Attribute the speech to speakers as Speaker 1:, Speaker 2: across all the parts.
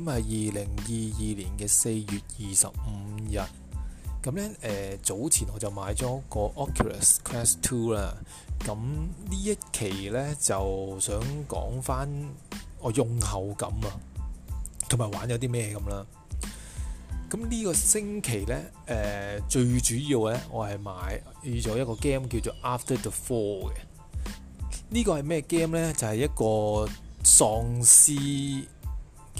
Speaker 1: 咁係二零二二年嘅四月二十五日，咁呢，誒、呃，早前我就買咗個 Oculus Quest Two 啦。咁呢一期呢，就想講返我用後感啊，同埋玩咗啲咩咁啦。咁呢個星期呢，誒、呃，最主要呢，我係買預咗一個 game 叫做 After the Fall 嘅。呢、這個係咩 game 呢？就係、是、一個喪屍。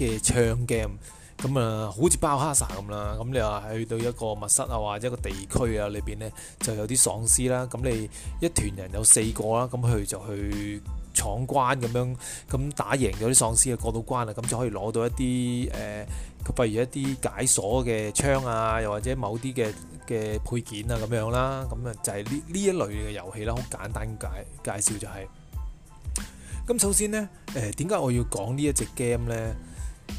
Speaker 1: 嘅槍 game，咁啊，好似《包哈薩》咁啦，咁你話去到一個密室啊，或者一個地區啊裏邊呢就有啲喪屍啦，咁你一團人有四個啦，咁佢就去闖關咁樣，咁打贏咗啲喪屍啊，過到關啦，咁就可以攞到一啲誒、呃，譬如一啲解鎖嘅槍啊，又或者某啲嘅嘅配件啊咁樣啦，咁啊就係呢呢一類嘅遊戲啦，好簡單介介紹就係、是。咁首先呢，誒，點解我要講呢一隻 game 呢？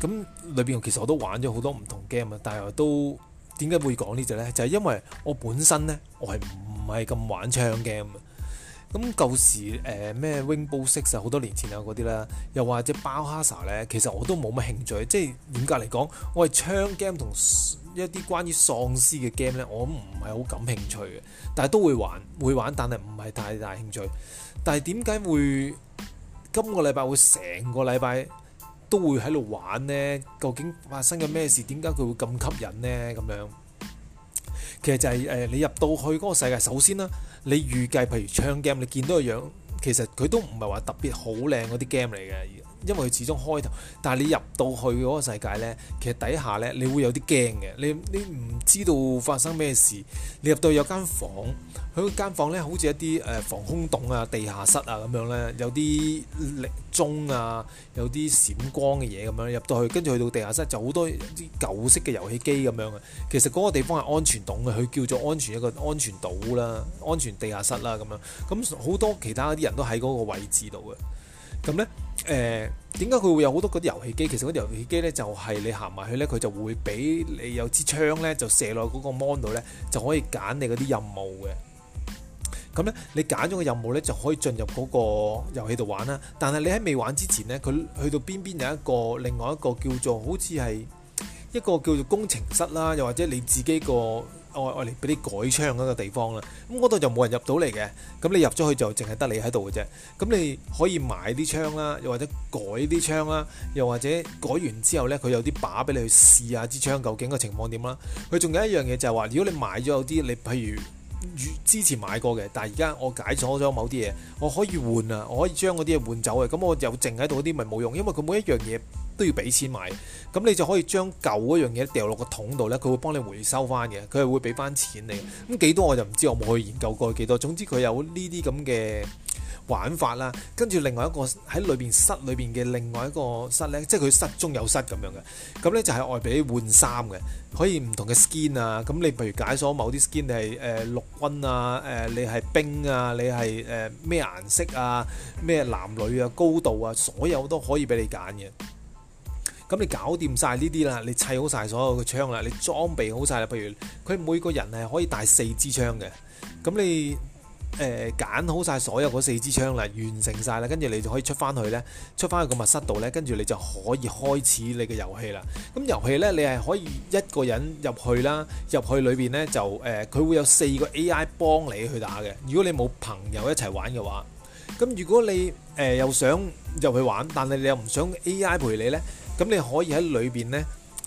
Speaker 1: 咁裏邊其實我都玩咗好多唔同 game 啊，但係我都點解會講呢隻呢？就係、是、因為我本身呢，我係唔係咁玩槍 game 啊。咁舊時誒咩《Rainbow、呃、Six》啊，好多年前啊嗰啲啦，又或者《包哈薩》咧，其實我都冇乜興趣。即係嚴格嚟講，我係槍 game 同一啲關於喪屍嘅 game 呢，我唔係好感興趣嘅。但係都會玩，會玩，但係唔係太大興趣。但係點解會今個禮拜會成個禮拜？都會喺度玩呢，究竟發生緊咩事？點解佢會咁吸引呢？咁樣其實就係、是、誒、呃，你入到去嗰個世界，首先啦，你預計譬如唱 game，你見到個樣，其實佢都唔係話特別好靚嗰啲 game 嚟嘅。因為佢始終開頭，但係你入到去嗰個世界呢，其實底下呢，你會有啲驚嘅。你你唔知道發生咩事。你入到有間房，佢個間房呢好似一啲誒防空洞啊、地下室啊咁樣呢，有啲鐘啊，有啲閃光嘅嘢咁樣。入到去，跟住去到地下室就好多啲舊式嘅遊戲機咁樣嘅。其實嗰個地方係安全棟嘅，佢叫做安全一個安全島啦、安全地下室啦咁樣。咁好多其他啲人都喺嗰個位置度嘅。咁呢。誒點解佢會有好多嗰啲遊戲機？其實嗰啲遊戲機呢，就係你行埋去呢，佢就會俾你有支槍呢，就射落嗰個 mon 度呢，就可以揀你嗰啲任務嘅。咁呢，你揀咗個任務呢，就可以進入嗰個遊戲度玩啦。但係你喺未玩之前呢，佢去到邊邊有一個另外一個叫做好似係一個叫做工程室啦，又或者你自己個。我愛嚟俾你改槍嗰個地方啦，咁嗰度就冇人入到嚟嘅，咁你入咗去就淨係得你喺度嘅啫，咁你可以買啲槍啦，又或者改啲槍啦，又或者改完之後呢，佢有啲靶俾你去試下支槍究竟個情況點啦。佢仲有一樣嘢就係話，如果你買咗有啲，你譬如之前買過嘅，但係而家我解鎖咗某啲嘢，我可以換啊，我可以將嗰啲嘢換走嘅，咁我又剩喺度嗰啲咪冇用，因為佢每一樣嘢，都要俾錢買，咁你就可以將舊嗰樣嘢掉落個桶度呢，佢會幫你回收翻嘅，佢係會俾翻錢你。咁幾多我就唔知，我冇去研究過幾多。總之佢有呢啲咁嘅玩法啦。跟住另外一個喺裏邊室裏邊嘅另外一個室呢，即係佢室中有室咁樣嘅。咁呢就係外邊換衫嘅，可以唔同嘅 skin 啊。咁你譬如解鎖某啲 skin，你係誒陸軍啊，誒、呃、你係冰啊，你係誒咩顏色啊？咩男女啊？高度啊？所有都可以俾你揀嘅。咁你搞掂晒呢啲啦，你砌好晒所有嘅槍啦，你裝備好晒啦。譬如佢每個人係可以帶四支槍嘅，咁你誒揀、呃、好晒所有嗰四支槍啦，完成晒啦，跟住你就可以出翻去呢，出翻去個密室度呢。跟住你就可以開始你嘅遊戲啦。咁遊戲呢，你係可以一個人入去啦，入去裏邊呢，就、呃、誒，佢會有四個 A.I. 幫你去打嘅。如果你冇朋友一齊玩嘅話，咁如果你誒、呃、又想入去玩，但係你又唔想 A.I. 陪你呢。咁你可以喺裏邊呢，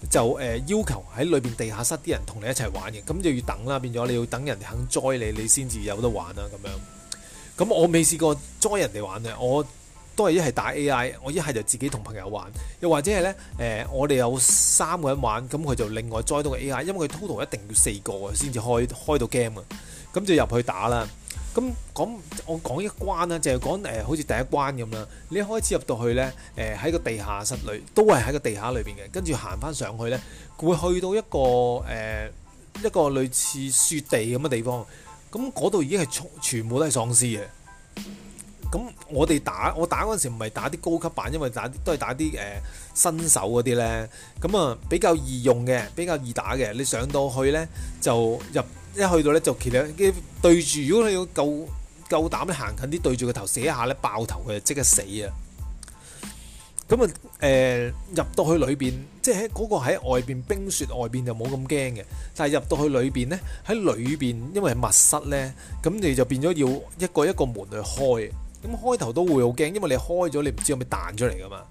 Speaker 1: 就誒、呃、要求喺裏邊地下室啲人同你一齊玩嘅，咁就要等啦，變咗你要等人哋肯 join 你，你先至有得玩啊咁樣。咁我未試過 join 人哋玩嘅，我都係一係打 AI，我一係就自己同朋友玩，又或者係呢，誒、呃，我哋有三個人玩，咁佢就另外 join 到個 AI，因為佢 total 一定要四個先至開開到 game 啊，咁就入去打啦。咁講我講一關啦，就係、是、講誒、呃、好似第一關咁啦。你一開始入到去呢，誒、呃、喺個地下室裏都係喺個地下裏邊嘅。跟住行返上去呢，會去到一個誒、呃、一個類似雪地咁嘅地方。咁嗰度已經係全部都係喪屍嘅。咁我哋打我打嗰陣時唔係打啲高級版，因為打都係打啲誒、呃、新手嗰啲呢。咁啊比較易用嘅，比較易打嘅。你上到去呢，就入。一去到咧就，其實佢對住如果你要夠夠膽行近啲，對住個頭射一下咧，爆頭佢就即刻死啊！咁啊，誒、呃、入到去裏邊，即係喺嗰個喺外邊冰雪外邊就冇咁驚嘅，但係入到去裏邊呢，喺裏邊，因為密室呢，咁你就變咗要一個一個門去開。咁開頭都會好驚，因為你開咗你唔知有冇彈出嚟㗎嘛。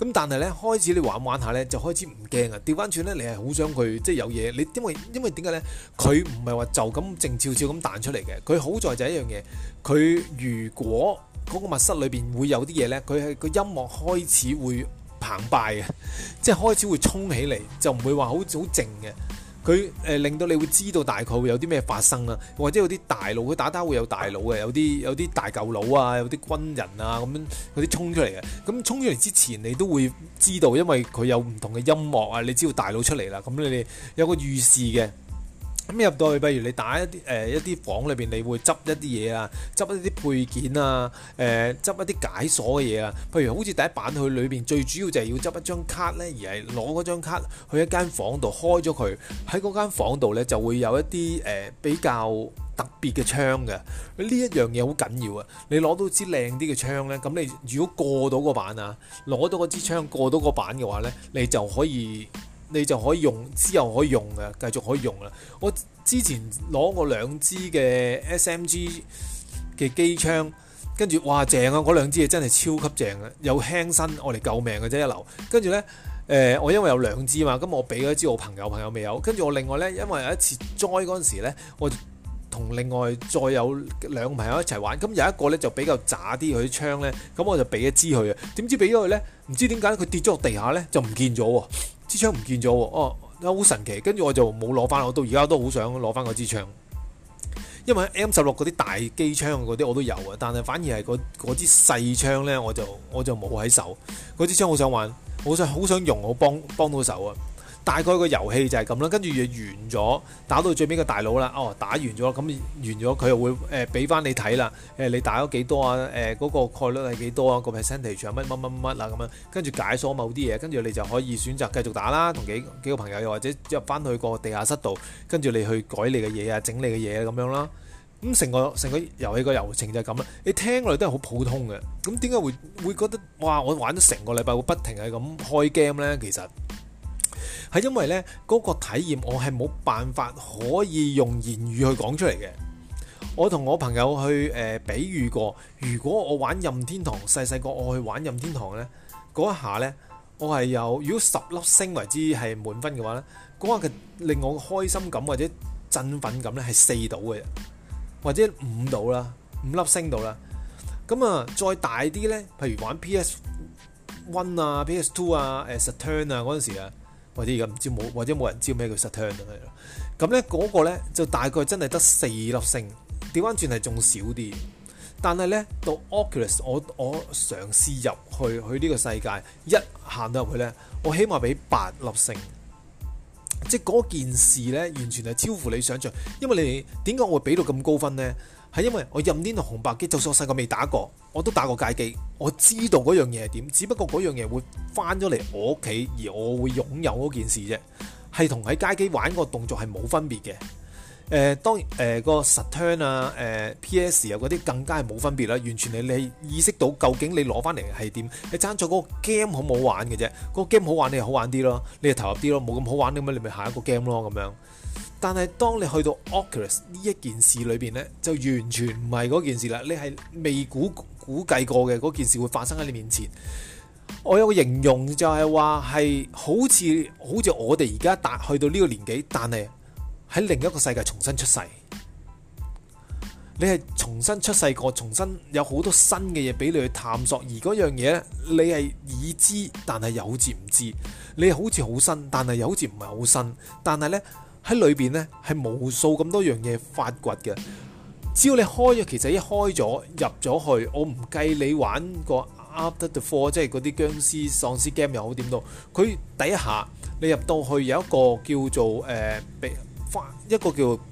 Speaker 1: 咁但係咧，開始你玩玩下咧，就開始唔驚啊！調翻轉咧，你係好想佢即係有嘢。你因為因為點解咧？佢唔係話就咁靜悄悄咁彈出嚟嘅。佢好在就一樣嘢，佢如果嗰個密室裏邊會有啲嘢咧，佢係個音樂開始會澎湃嘅，即係開始會衝起嚟，就唔會話好好靜嘅。佢誒、呃、令到你會知道大概會有啲咩發生啊，或者有啲大佬。佢打打會有大佬嘅，有啲有啲大舊佬啊，有啲軍人啊咁樣嗰啲衝出嚟嘅。咁衝出嚟之前，你都會知道，因為佢有唔同嘅音樂啊，你知道大佬出嚟啦。咁你哋有個預示嘅。咁入到去，譬如你打一啲誒、呃、一啲房裏邊，你會執一啲嘢啊，執一啲配件啊，誒、呃、執一啲解鎖嘅嘢啊。譬如好似第一版佢裏邊，最主要就係要執一張卡咧，而係攞嗰張卡去一間房度開咗佢。喺嗰間房度咧，就會有一啲誒、呃、比較特別嘅窗嘅。呢一樣嘢好緊要啊！你攞到支靚啲嘅槍咧，咁你如果過到個版啊，攞到支槍過到個版嘅話咧，你就可以。你就可以用之後可以用嘅，繼續可以用啦。我之前攞我兩支嘅 SMG 嘅機槍，跟住哇正啊！嗰兩支嘢真係超級正啊，有輕身，我嚟救命嘅啫一流。跟住呢，誒、呃、我因為有兩支嘛，咁我俾咗一支我朋友，朋友未有。跟住我另外呢，因為有一次災嗰陣時呢，我同另外再有兩個朋友一齊玩，咁有一個呢就比較渣啲佢啲槍呢，咁我就俾一支佢啊。點知俾咗佢呢？唔知點解佢跌咗落地下呢，就唔見咗喎、啊。支槍唔見咗哦，好神奇。跟住我就冇攞翻，我到而家都好想攞翻個支槍，因為 M 十六嗰啲大機槍嗰啲我都有啊，但係反而係嗰支細槍呢，我就我就冇喺手。嗰支槍好想玩，好想好想用，我幫幫到手啊！大概個遊戲就係咁啦，跟住完咗打到最尾個大佬啦，哦打完咗咁完咗，佢又會誒俾翻你睇啦，誒、呃、你打咗幾多啊？誒、呃、嗰、那個概率係幾多啊？個 percentage 係乜乜乜乜啊咁樣，跟住解鎖某啲嘢，跟住你就可以選擇繼續打啦，同幾幾個朋友又或者入翻去個地下室度，跟住你去改你嘅嘢啊，整你嘅嘢咁樣啦。咁成個成個遊戲個流程就係咁啦。你聽落嚟都係好普通嘅，咁點解會會覺得哇我玩咗成個禮拜會不停係咁開 game 咧？其實。係因為呢嗰、嗰個體驗，我係冇辦法可以用言語去講出嚟嘅。我同我朋友去誒、呃，比喻過，如果我玩任天堂，細細個我去玩任天堂呢，嗰一下呢，我係有，如果十粒星為之係滿分嘅話呢，嗰下嘅令我開心感或者振奮感呢係四度嘅，或者五度啦，五粒星度啦。咁啊，再大啲呢，譬如玩 PS One 啊、PS Two 啊、誒 Saturn 啊嗰陣時啊。或者而家唔知冇，或者冇人知咩叫 Saturn 都係咯。咁咧嗰個咧就大概真係得四粒星，調翻轉係仲少啲。但係咧到 Oculus，我我嘗試入去去呢個世界，一行到入去咧，我起碼俾八粒星。即係嗰件事咧，完全係超乎你想象。因為你點解我會俾到咁高分咧？係因為我任天堂紅白機，就算我細個未打過，我都打過街機，我知道嗰樣嘢係點。只不過嗰樣嘢會翻咗嚟我屋企，而我會擁有嗰件事啫，係同喺街機玩個動作係冇分別嘅。誒、呃，當然，誒、呃嗰個 Saturn 啊，誒、呃、PS 啊嗰啲更加係冇分別啦，完全係你意識到究竟你攞翻嚟係點。你爭在個 game 好唔好玩嘅啫，嗰個 game 好玩你係好玩啲咯，你就投入啲咯，冇咁好玩咁樣你咪下一個 game 咯咁樣。但係，當你去到 Oculus 呢一件事裏邊呢，就完全唔係嗰件事啦。你係未估估計過嘅嗰件事會發生喺你面前。我有個形容就係話係好似好似我哋而家達去到呢個年紀，但係喺另一個世界重新出世。你係重新出世過，重新有好多新嘅嘢俾你去探索。而嗰樣嘢你係已知，但係有時唔知。你係好似好新，但係又好似唔係好新。但係呢，喺裏邊呢，係無數咁多樣嘢發掘嘅，只要你開咗，其實一開咗入咗去，我唔計你玩個《After the Four》，即係嗰啲僵屍、喪屍 game 又好點都。佢底下你入到去有一個叫做誒《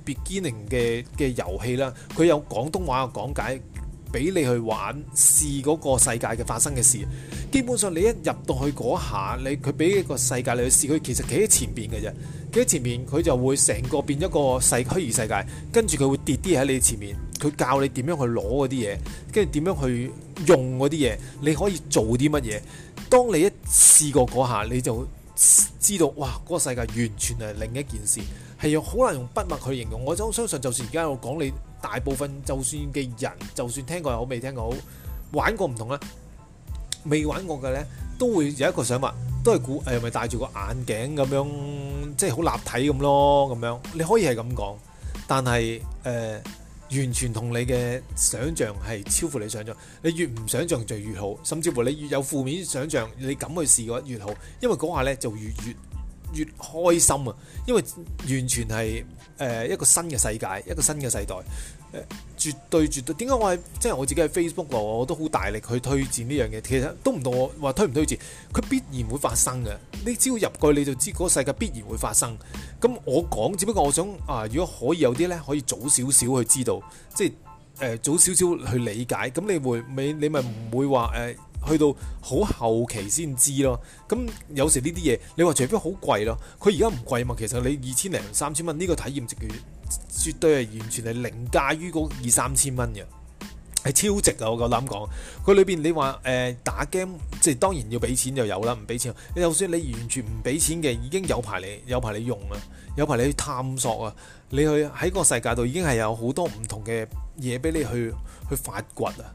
Speaker 1: Beginning、呃》嘅嘅遊戲啦，佢有廣東話嘅講解。俾你去玩試嗰個世界嘅發生嘅事，基本上你一入到去嗰下，你佢俾一個世界你去試，佢其實企喺前邊嘅啫，企喺前面，佢就會成個變咗個細虛擬世界，跟住佢會跌啲喺你前面，佢教你點樣去攞嗰啲嘢，跟住點樣去用嗰啲嘢，你可以做啲乜嘢。當你一試過嗰下，你就知道，哇！嗰個世界完全係另一件事，係用好難用筆墨去形容。我好相信，就算而家我講你。大部分就算嘅人，就算聽過又好，未聽過好，玩過唔同啦。未玩過嘅呢，都會有一個想法，都係估誒，咪、呃、戴住個眼鏡咁樣，即係好立體咁咯，咁樣你可以係咁講，但係誒、呃，完全同你嘅想像係超乎你想像。你越唔想像就越好，甚至乎你越有負面想像，你敢去試嘅話越好，因為嗰下呢就越越。越開心啊！因為完全係誒、呃、一個新嘅世界，一個新嘅世代，誒絕對絕對。點解我係即係我自己喺 Facebook 度，我都好大力去推薦呢樣嘢。其實都唔到我話推唔推薦，佢必然會發生嘅。你只要入過去你就知嗰個世界必然會發生。咁我講只不過我想啊、呃，如果可以有啲呢，可以早少少去知道，即係、呃、早少少去理解，咁你會你咪唔會話誒。呃去到好後期先知咯，咁有時呢啲嘢，你話除非好貴咯，佢而家唔貴嘛。其實你二千零三千蚊呢個體驗值，絕對係完全係凌駕於嗰二三千蚊嘅，係超值啊！我夠膽講，佢裏邊你話誒、呃、打 game，即係當然要俾錢就有啦，唔俾錢，你就算你完全唔俾錢嘅，已經有排你有排你用啦，有排你去探索啊，你去喺個世界度已經係有好多唔同嘅嘢俾你去去發掘啊！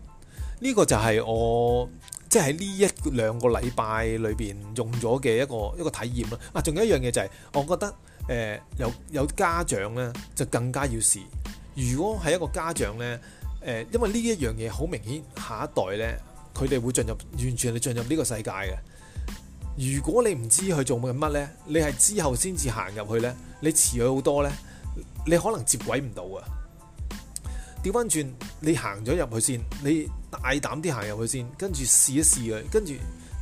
Speaker 1: 呢個就係我即係喺呢一兩個禮拜裏邊用咗嘅一個一個體驗啦。啊，仲有一樣嘢就係、是，我覺得誒、呃、有有家長呢就更加要試。如果係一個家長呢，誒、呃，因為呢一樣嘢好明顯，下一代呢，佢哋會進入完全係進入呢個世界嘅。如果你唔知佢做緊乜呢，你係之後先至行入去呢，你遲咗好多呢，你可能接軌唔到啊！調翻轉，你行咗入去先，你大膽啲行入去先，跟住試一試佢，跟住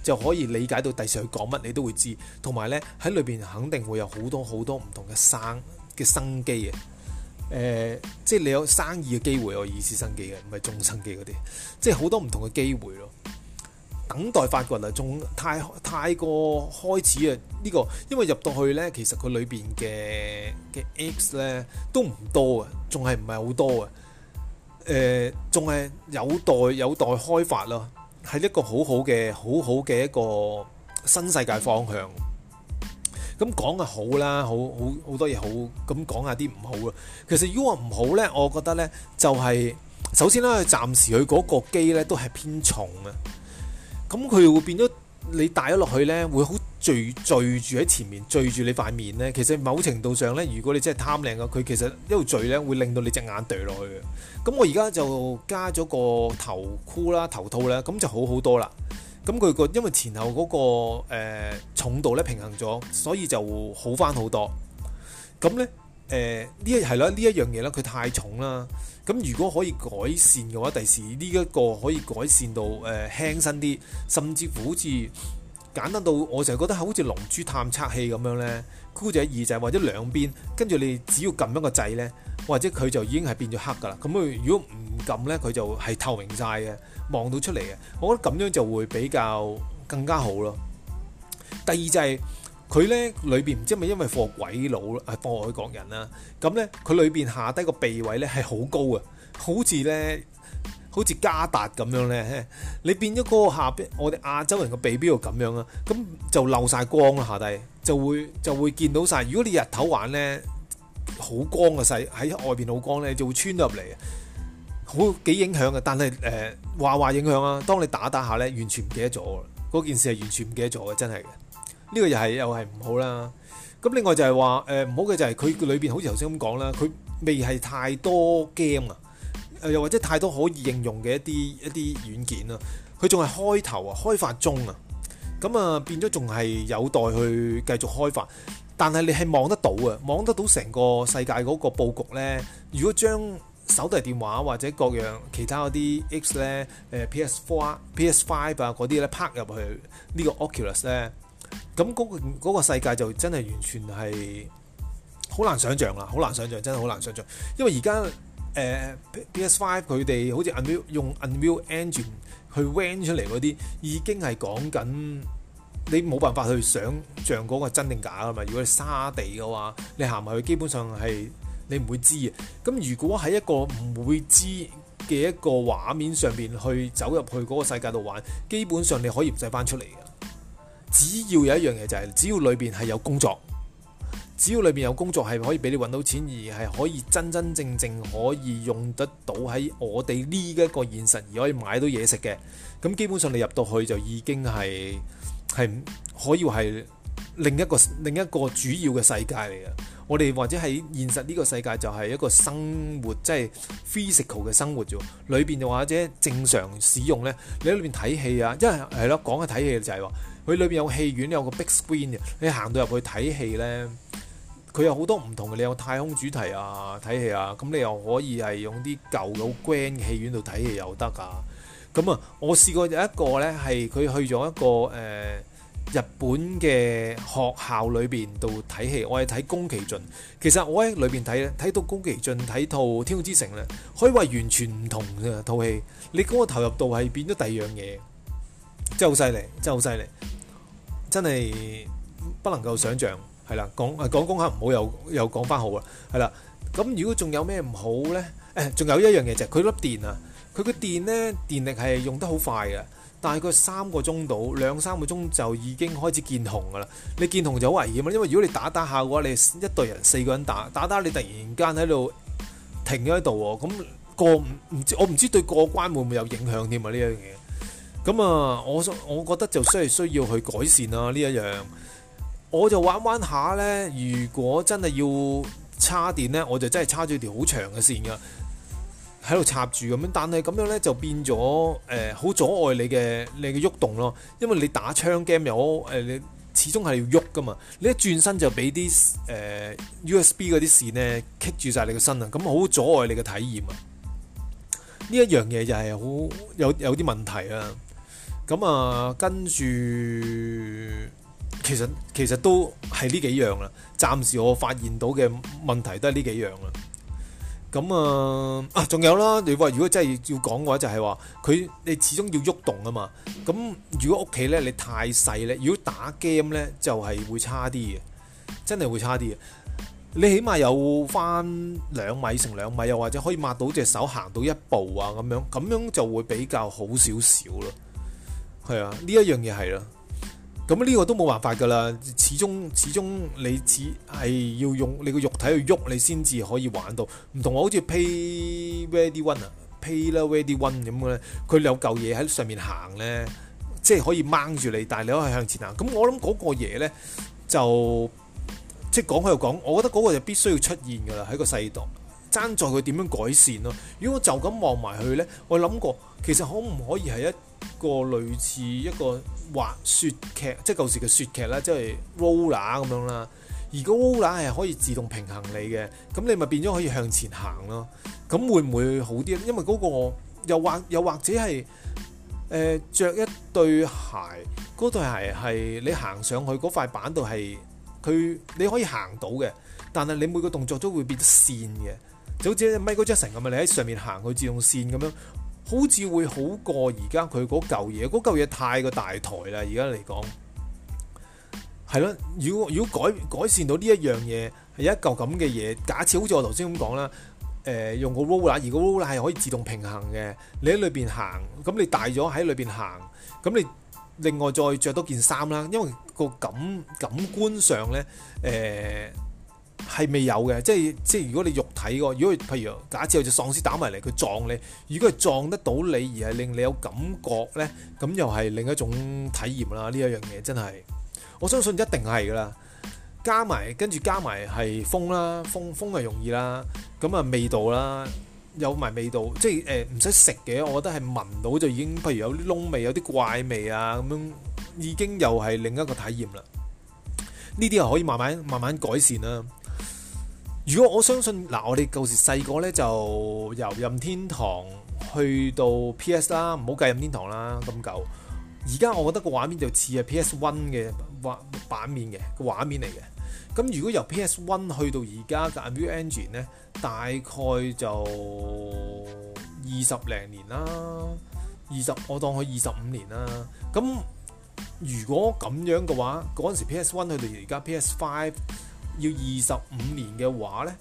Speaker 1: 就可以理解到第時佢講乜你都會知。同埋呢喺裏邊肯定會有好多好多唔同嘅生嘅生機嘅、呃，即係你有生意嘅機會，我意思生機嘅，唔係終生機嗰啲，即係好多唔同嘅機會咯。等待發掘啊，仲太太過開始啊呢、呢個，因為入到去呢，其實佢裏邊嘅嘅 X 呢都唔多啊，仲係唔係好多啊？誒，仲係、呃、有待有待開發咯，係一個好好嘅好好嘅一個新世界方向。咁講啊好啦，好好好多嘢，好，咁講下啲唔好啊。其實如果唔好咧，我覺得咧就係、是、首先咧，暫時佢個機咧都係偏重啊。咁佢會變咗你帶咗落去咧，會好。聚聚住喺前面，聚住你塊面呢。其實某程度上呢，如果你真係貪靚嘅，佢其實一路聚呢，會令到你隻眼墮落去嘅。咁我而家就加咗個頭箍啦、頭套啦，咁就好好多啦。咁佢個因為前後嗰、那個、呃、重度呢，平衡咗，所以就好翻好多。咁咧誒呢、呃、一係啦，呢一樣嘢呢，佢太重啦。咁如果可以改善嘅話，第時呢一個可以改善到誒、呃、輕身啲，甚至乎好似～簡單到我成日覺得好似龍珠探測器咁樣呢，箍住一耳仔或者兩邊，跟住你只要撳一個掣呢，或者佢就已經係變咗黑㗎啦。咁啊，如果唔撳呢，佢就係透明晒嘅，望到出嚟嘅。我覺得咁樣就會比較更加好咯。第二就係、係、佢呢裏邊唔知係咪因為放鬼佬啊，放外國人啦，咁呢，佢裏邊下低個鼻位呢係好高呀，好似呢。好似加達咁樣咧，你變咗個下邊，我哋亞洲人個鼻邊又咁樣啊，咁就漏晒光啦下低，就會就會見到晒。如果你日頭玩咧，好光嘅勢喺外邊好光咧，就會穿入嚟，好幾影響嘅。但係誒、呃、話話影響啊，當你打打下咧，完全唔記得咗啦，嗰件事係完全唔記得咗嘅，真係嘅。呢、這個又係又係唔好啦。咁另外就係話誒唔好嘅就係佢裏邊好似頭先咁講啦，佢未係太多 game 啊。又或者太多可以應用嘅一啲一啲軟件啦，啊，佢仲係開頭啊，開發中啊，咁啊變咗仲係有待去繼續開發。但係你係望得到嘅，望得到成個世界嗰個佈局呢。如果將手提電話或者各樣其他嗰啲 X 呢、PS Four、PS Five 啊嗰啲呢，拍入去呢個 Oculus 呢，咁嗰個嗰個世界就真係完全係好難想像啦，好難想像，真係好難想像，因為而家。誒、呃、PS Five 佢哋好似用 Unreal Engine 去 render 出嚟嗰啲，已經係講緊，你冇辦法去想象嗰個真定假噶嘛。如果你沙地嘅話，你行埋去基本上係，你唔會知嘅。咁如果喺一個唔會知嘅一個畫面上邊去走入去嗰個世界度玩，基本上你可以設計翻出嚟嘅。只要有一樣嘢就係、是、只要裏邊係有工作。只要裏邊有工作係可以俾你揾到錢，而係可以真真正正可以用得到喺我哋呢一個現實，而可以買到嘢食嘅咁，基本上你入到去就已經係係可以係另一個另一個主要嘅世界嚟嘅。我哋或者喺現實呢個世界就係一個生活，即係 physical 嘅生活啫。裏邊又或者正常使用呢，你喺裏面睇戲啊，因為係咯講下睇戲就係話佢裏面有戲院，有個 big screen 嘅。你行到入去睇戲呢。佢有好多唔同嘅，你有太空主題啊，睇戲啊，咁、嗯、你又可以係用啲舊嘅好 grand 戲院度睇戲又得啊。咁、嗯、啊，我試過有一個呢，係佢去咗一個誒、呃、日本嘅學校裏邊度睇戲，我係睇宮崎駿。其實我喺裏邊睇咧，睇到宮崎駿睇套《天空之城》咧，可以話完全唔同嘅套戲。你嗰個投入度係變咗第二樣嘢，真係好犀利，真係好犀利，真係不能夠想像。係啦，講講講下唔好又又講翻好啦，係啦。咁如果仲有咩唔好咧？誒、哎，仲有一樣嘢就係佢粒電啊，佢個電咧，電力係用得好快噶。大概三個鐘到兩三個鐘就已經開始見紅噶啦。你見紅就好危險啊，因為如果你打打下嘅話，你一隊人四個人打打打，你突然間喺度停咗喺度喎。咁過唔唔？我唔知對過關會唔會有影響添啊？呢樣嘢。咁啊，我我覺得就需要需要去改善啊呢一樣。我就玩玩下呢。如果真係要插電呢，我就真係插咗條好長嘅線噶，喺度插住咁樣。但係咁樣呢，就變咗誒，好、呃、阻礙你嘅你嘅喐動咯。因為你打槍 game 又好誒、呃，你始終係要喐噶嘛。你一轉身就俾啲誒 USB 嗰啲線呢棘住晒你個身啊！咁好阻礙你嘅體驗啊。呢一樣嘢就係好有有啲問題啊。咁啊，跟住。其實其實都係呢幾樣啦，暫時我發現到嘅問題都係呢幾樣啦。咁啊啊，仲、啊、有啦，你話如果真係要講嘅話就，就係話佢你始終要喐動啊嘛。咁如果屋企咧你太細咧，如果打 game 咧就係、係、會差啲嘅，真係會差啲嘅。你起碼有翻兩米乘兩米，又或者可以抹到隻手行到一步啊咁樣，咁樣就會比較好少少咯。係啊，呢一樣嘢係啦。咁呢個都冇辦法㗎啦，始終始終你只係要用你個肉體去喐，你先至可以玩到。唔同我好似 Pay Ready One 啊 Pay 啦 Ready One 咁嘅咧，佢有嚿嘢喺上面行咧，即係可以掹住你，但係你可以向前行。咁我諗嗰個嘢咧就即係講喺度講，我覺得嗰個就必須要出現㗎啦，喺個世度爭在佢點樣改善咯、啊。如果我就咁望埋去咧，我諗過其實可唔可以係一個類似一個滑雪劇，即係舊時嘅雪劇啦，即係 roller 咁樣啦。如果 roller 係可以自動平衡你嘅，咁你咪變咗可以向前行咯。咁會唔會好啲？因為嗰個又或又或者係誒著一對鞋，嗰對鞋係你行上去嗰塊板度係佢你可以行到嘅，但係你每個動作都會變得線嘅，就好似 Michael Jackson 咁啊！你喺上面行佢自動線咁樣。好似會好過而家佢嗰嚿嘢，嗰嚿嘢太過大台啦！而家嚟講，係咯，如果如果改改善到呢一樣嘢，係一嚿咁嘅嘢。假設好似我頭先咁講啦，誒、呃，用個 roller，如果 roller 係可以自動平衡嘅，你喺裏邊行，咁你大咗喺裏邊行，咁你另外再着多件衫啦，因為個感感官上呢。誒、呃。係未有嘅，即係即係如果你肉體嘅，如果譬如假設有隻喪屍打埋嚟，佢撞你，如果佢撞得到你，而係令你有感覺呢，咁又係另一種體驗啦。呢一樣嘢真係，我相信一定係噶㗎啦。加埋跟住加埋係風啦，風風係容易啦。咁啊味道啦，有埋味道，即係誒唔使食嘅，我覺得係聞到就已經，譬如有啲窿味、有啲怪味啊咁樣，已經又係另一個體驗啦。呢啲係可以慢慢慢慢改善啦。如果我相信嗱，我哋舊時細個咧，就由任天堂去到 PS 啦，唔好計任天堂啦咁久。而家我覺得個畫面就似係 PS One 嘅畫版面嘅個畫面嚟嘅。咁如果由 PS One 去到而家嘅 Unreal Engine 咧，大概就二十零年啦，二十我當佢二十五年啦。咁如果咁樣嘅話，嗰陣時 PS One 去到而家 PS Five。要二十五年嘅話呢，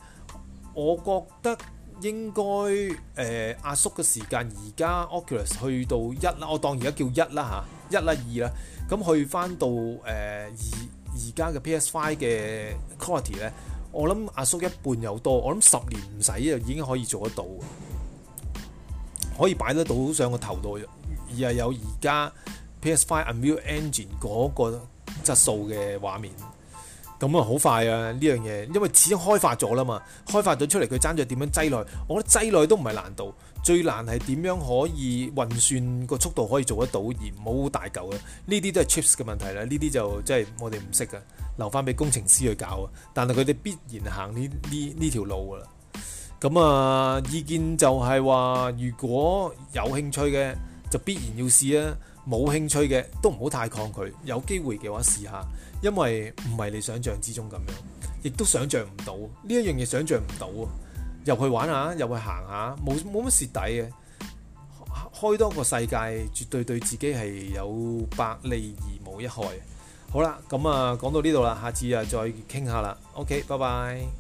Speaker 1: 我覺得應該誒、呃、阿叔嘅時間而家 Oculus 去到一啦，我當而家叫一啦嚇，一啦二啦，咁去翻到誒而而家嘅 PS5 嘅 Quality 呢，我諗阿叔一半有多，我諗十年唔使就已經可以做得到，可以擺得到上個頭度，而又有而家 PS5 Unreal Engine 嗰個質素嘅畫面。咁啊，好快啊！呢樣嘢，因為始終開發咗啦嘛，開發咗出嚟，佢爭咗點樣擠耐。我覺得擠耐都唔係難度，最難係點樣可以運算個速度可以做得到而唔好大嚿啊。呢啲都係 chips 嘅問題啦，呢啲就真係我哋唔識嘅，留翻俾工程師去搞啊。但係佢哋必然行呢呢呢條路噶啦。咁啊，意見就係話，如果有興趣嘅，就必然要試啊。冇興趣嘅都唔好太抗拒，有機會嘅話試下，因為唔係你想象之中咁樣，亦都想象唔到呢一樣嘢。想象唔到啊！入去玩下，入去行下，冇冇乜蝕底嘅，開多個世界，絕對對自己係有百利而無一害。好啦，咁啊，講到呢度啦，下次啊再傾下啦。OK，拜拜。